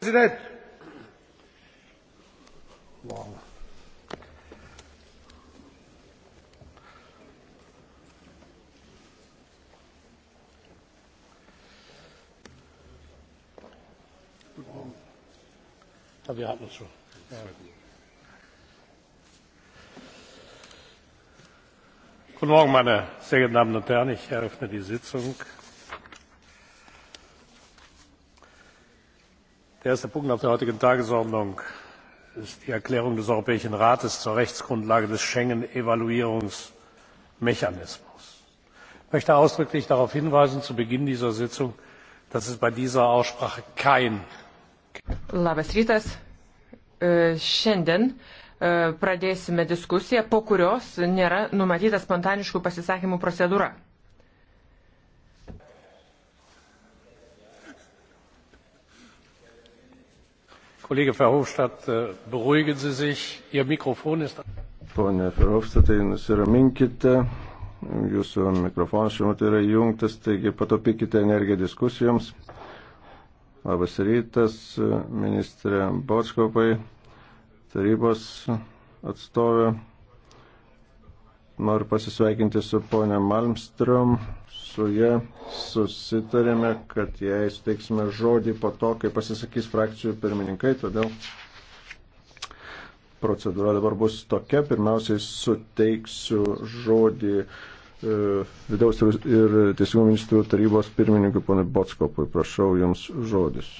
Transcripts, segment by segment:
President. Long. Long. Ja, wir hatten es schon. Ja. Guten Morgen, meine sehr geehrten Damen und Herren. Ich eröffne die Sitzung. der erste punkt auf der heutigen tagesordnung ist die erklärung des europäischen rates zur rechtsgrundlage des schengen evaluierungsmechanismus. ich möchte ausdrücklich darauf hinweisen zu beginn dieser sitzung dass es bei dieser aussprache kein Labas rytas. Äh, šiandien äh, pradėsime diskusiją, po kurios nėra numatyta spontaniškų pasisakymų procedūra. Kollege Verhofstadt, äh, beruhigen Sie sich, Ihr Mikrofon ist. Pone Verhofstadtai, nusiraminkite, Jūsų mikrofonas šiuo metu yra įjungtas, taigi patopykite energiją diskusijoms. Labas rytas, ministrė Bočkopai, tarybos atstovė. Noriu pasisveikinti su ponia Malmström. Su ja susitarėme, kad jai suteiksime žodį po to, kai pasisakys frakcijų pirmininkai. Todėl procedūra dabar bus tokia. Pirmiausiai suteiksiu žodį e, vidaus ir teisingumo ministrų tarybos pirmininkui ponui Botskopui. Prašau Jums žodis.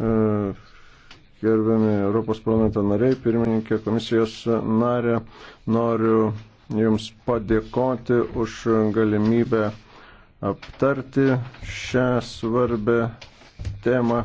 E, gerbiami Europos parlamento nariai, pirmininkė, komisijos narė, noriu Jums padėkoti už galimybę aptarti šią svarbę temą.